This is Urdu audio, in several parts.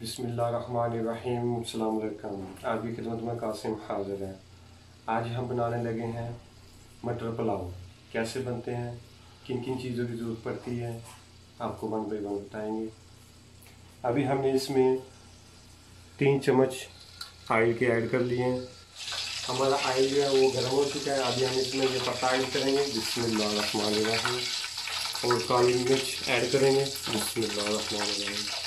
بسم اللہ الرحمن الرحیم السلام علیکم آج بھی خدمت میں قاسم حاضر ہیں آج ہم بنانے لگے ہیں مٹر پلاؤ کیسے بنتے ہیں کن کن چیزوں کی ضرورت پڑتی ہے آپ کو بے بن بتائیں گے ابھی ہم نے اس میں تین چمچ آئل کے ایڈ کر لیے ہیں ہمارا آئل جو ہے وہ گرم ہو چکا ہے ابھی ہم اس میں یہ پتا ایڈ کریں گے بسم اللہ الرحمن الرحیم اور کالی مرچ ایڈ کریں گے بسم اللہ الرحمن الرحیم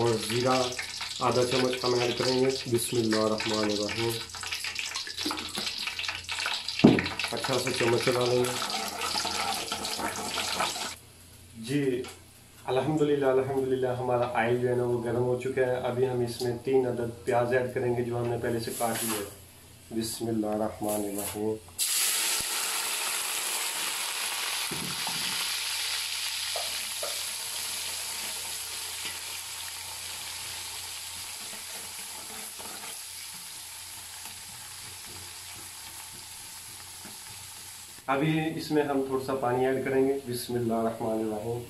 اور زیرہ آدھا چمچ ہم ایڈ کریں گے بسم اللہ الرحمن الرحیم اچھا سا چمچا لیں گے جی الحمدللہ الحمدللہ ہمارا آئل جو ہے نا وہ گرم ہو چکا ہے ابھی ہم اس میں تین عدد پیاز ایڈ کریں گے جو ہم نے پہلے سے کاٹ لیا بسم اللہ الرحمن الرحیم ابھی اس میں ہم تھوڑا سا پانی ایڈ کریں گے بسم اللہ الرحمن الرحیم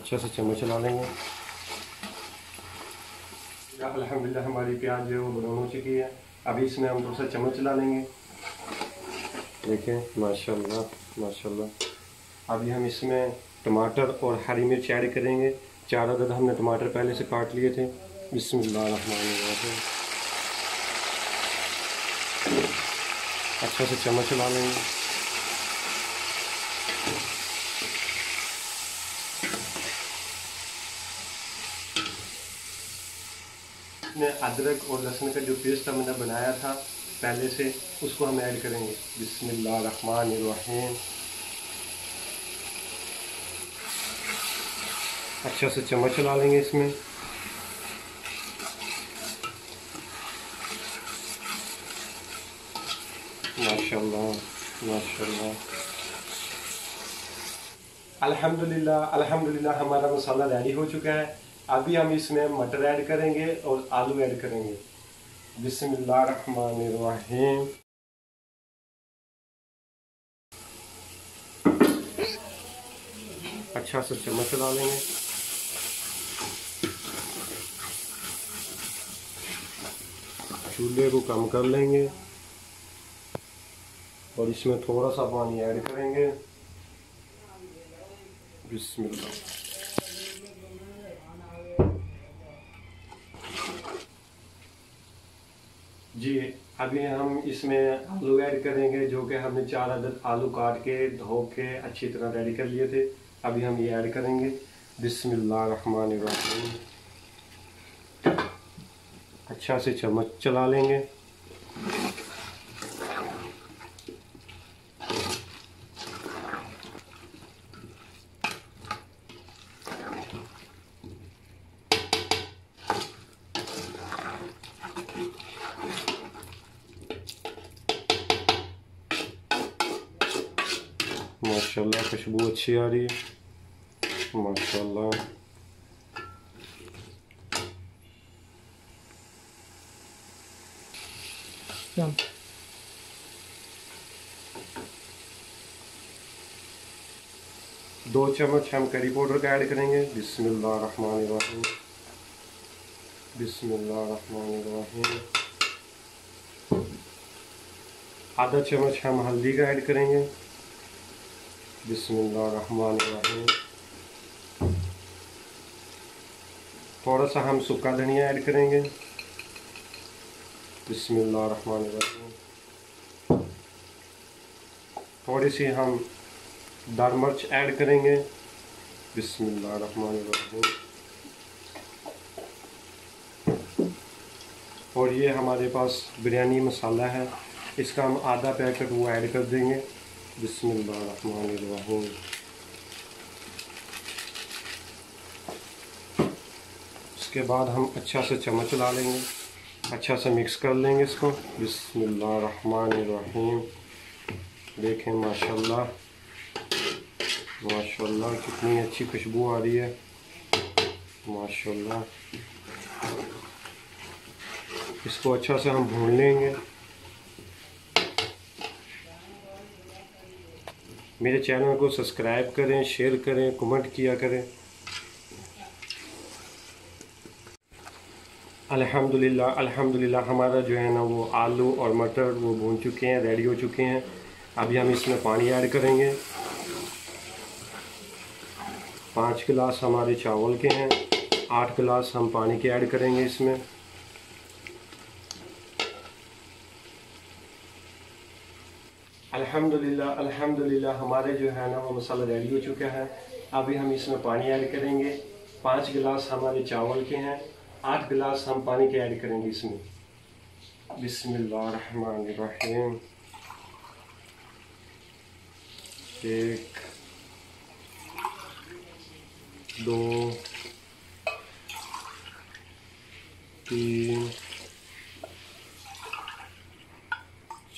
اچھا سے چمچ چلا لیں گے الحمدللہ ہماری پیاز جو ہے وہ براؤن ہو چکی ہے ابھی اس میں ہم تھوڑا سا چمچ چلا لیں گے دیکھیں ماشاءاللہ ماشاءاللہ ابھی ہم اس میں ٹماٹر اور ہری مرچ ایڈ کریں گے چار عدد ہم نے ٹماٹر پہلے سے کاٹ لیے تھے بسم اللہ الرحمن الرحیم اچھا سے چمچ لا لیں گے میں ادرک اور لہسن کا جو پیسٹ تھا میں نے بنایا تھا پہلے سے اس کو ہم ایڈ کریں گے بسم اللہ الرحمن الرحیم اچھا سے چمچ لا لیں گے اس میں الحمد للہ الحمد للہ ہمارا مسالہ ریڈی ہو چکا ہے ابھی ہم اس میں مٹر ایڈ کریں گے اور آلو ایڈ کریں گے بسم اللہ الرحمن الرحیم اچھا سا چمچ لا لیں گے چولہے کو کم کر لیں گے اور اس میں تھوڑا سا پانی ایڈ کریں گے بسم اللہ جی ابھی ہم اس میں آلو ایڈ کریں گے جو کہ ہم نے چار عدد آلو کاٹ کے دھو کے اچھی طرح ریڈی کر لیے تھے ابھی ہم یہ ایڈ کریں گے بسم اللہ الرحمن الرحیم اچھا سے چمچ چلا لیں گے ماشاءاللہ خوشبو اچھی آ رہی ہے ماشاءاللہ دو چمچ ہم کری پاؤڈر کا ایڈ کریں گے بسم اللہ الرحمن الرحیم بسم اللہ الرحمن الرحیم آدھا چمچ ہم ہلدی کا ایڈ کریں گے بسم اللہ الرحمن الرحیم تھوڑا سا ہم سکا دھنیا ایڈ کریں گے بسم اللہ الرحمن الرحیم تھوڑی سی ہم دار مرچ ایڈ کریں گے بسم اللہ الرحمن الرحیم اور یہ ہمارے پاس بریانی مسالہ ہے اس کا ہم آدھا پیکٹ وہ ایڈ کر دیں گے بسم اللہ الرحمن الرحیم اس کے بعد ہم اچھا سے چمچ لا لیں گے اچھا سے مکس کر لیں گے اس کو بسم اللہ الرحمن الرحیم دیکھیں ماشاءاللہ ماشاءاللہ کتنی اچھی خوشبو آ رہی ہے ماشاءاللہ اس کو اچھا سے ہم بھون لیں گے میرے چینل کو سبسکرائب کریں شیئر کریں کمنٹ کیا کریں الحمدللہ الحمدللہ ہمارا جو ہے نا وہ آلو اور مٹر وہ بھون چکے ہیں ریڈی ہو چکے ہیں ابھی ہم اس میں پانی ایڈ کریں گے پانچ گلاس ہمارے چاول کے ہیں آٹھ گلاس ہم پانی کے ایڈ کریں گے اس میں الحمدللہ الحمدللہ ہمارے جو ہے نا وہ مسالہ ریڈی ہو چکا ہے ابھی ہم اس میں پانی ایڈ کریں گے پانچ گلاس ہمارے چاول کے ہیں آٹھ گلاس ہم پانی کے ایڈ کریں گے اس میں بسم اللہ الرحمن الرحیم ایک دو تین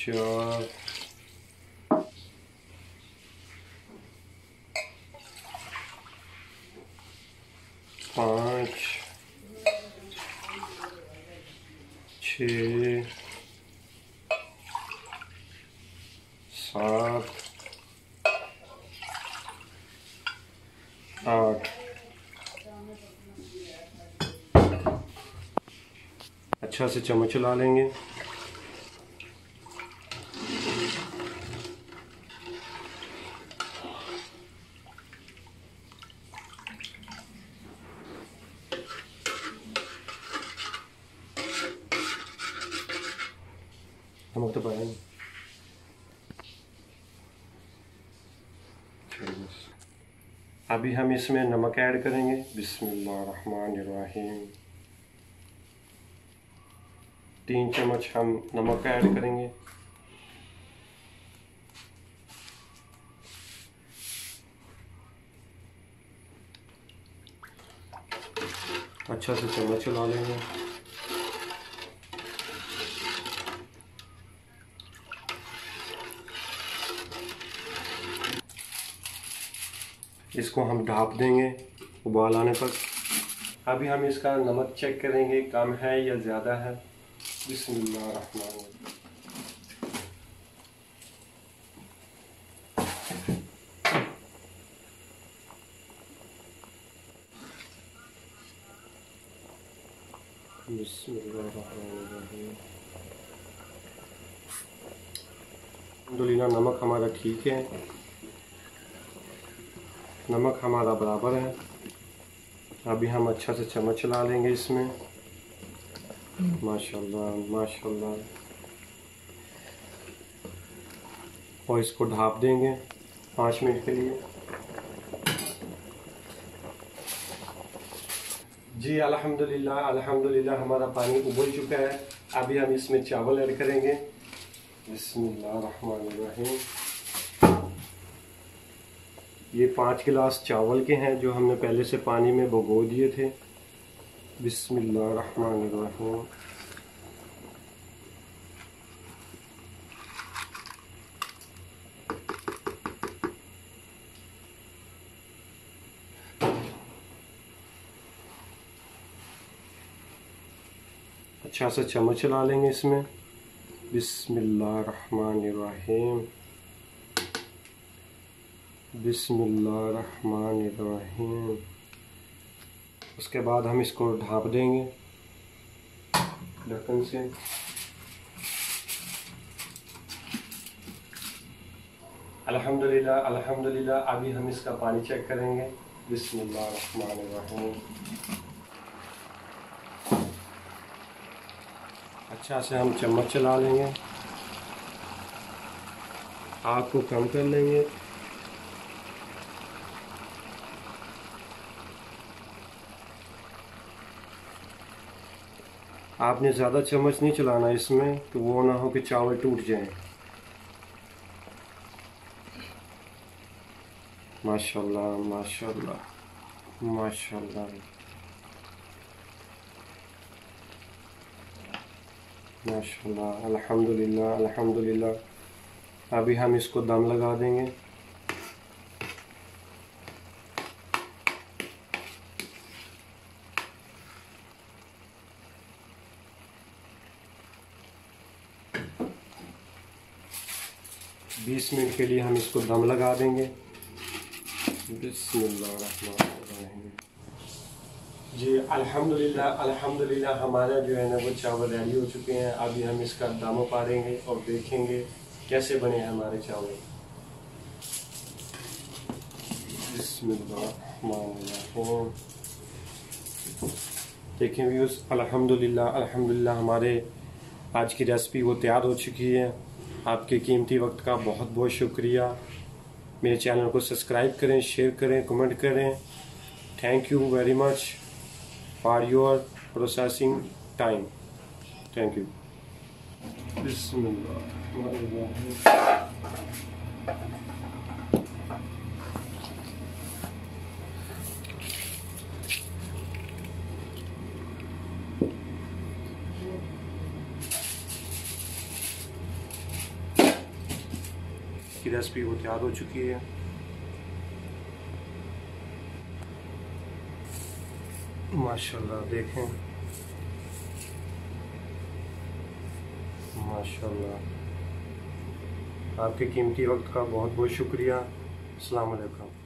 چار پانچ چھ سات آٹھ اچھا سے چمچ لا لیں گے ابھی ہم اس میں نمک ایڈ کریں گے بسم اللہ الرحمن الرحیم تین چمچ ہم نمک ایڈ کریں گے اچھا سے چمچ چلا لیں گے اس کو ہم ڈھانپ دیں گے آنے پر ابھی ہم اس کا نمک چیک کریں گے کم ہے یا زیادہ ہے بسم اللہ الرحمن الرحمن ڈولینا نمک ہمارا ٹھیک ہے نمک ہمارا برابر ہے ابھی ہم اچھا سے چمچ لا لیں گے اس میں اور اس کو ڈھاب دیں گے پانچ منٹ کے لیے جی الحمدللہ الحمدللہ ہمارا پانی ابل چکا ہے ابھی ہم اس میں چاول ایڈ کریں گے بسم اللہ الرحمن الرحیم یہ پانچ گلاس چاول کے ہیں جو ہم نے پہلے سے پانی میں بگو دیے تھے بسم اللہ الرحمن الرحیم اچھا سا چمچ چلا لیں گے اس میں بسم اللہ الرحمن الرحیم بسم اللہ الرحمن الرحیم اس کے بعد ہم اس کو ڈھانپ دیں گے ڈھکن سے الحمدللہ الحمدللہ ابھی ہم اس کا پانی چیک کریں گے بسم اللہ الرحمن الرحیم اچھا سے ہم چمچ چلا لیں گے آگ کو کم کر لیں گے آپ نے زیادہ چمچ نہیں چلانا اس میں کہ وہ نہ ہو کہ چاول ٹوٹ جائیں ماشاء اللہ ماشاء اللہ ماشاء اللہ ماشاء اللہ الحمد للہ الحمد للہ ابھی ہم اس کو دم لگا دیں گے بیس منٹ کے لیے ہم اس کو دم لگا دیں گے بسم اللہ الرحمن الرحیم جی الحمدللہ الحمدللہ ہمارا جو ہے نا وہ چاول ریڈی ہو چکے ہیں ابھی ہم اس کا دم پاریں گے اور دیکھیں گے کیسے بنے ہیں ہمارے چاول بسم اللہ الرحمن الرحیم دیکھیں ویوز الحمدللہ الحمدللہ ہمارے آج کی ریسپی وہ تیار ہو چکی ہے آپ کے قیمتی وقت کا بہت بہت شکریہ میرے چینل کو سبسکرائب کریں شیئر کریں کمنٹ کریں thank you very much for your processing time thank you کی ریسپی وہ تیار ہو چکی ہے ماشاءاللہ دیکھیں ماشاءاللہ آپ کے قیمتی وقت کا بہت بہت شکریہ السلام علیکم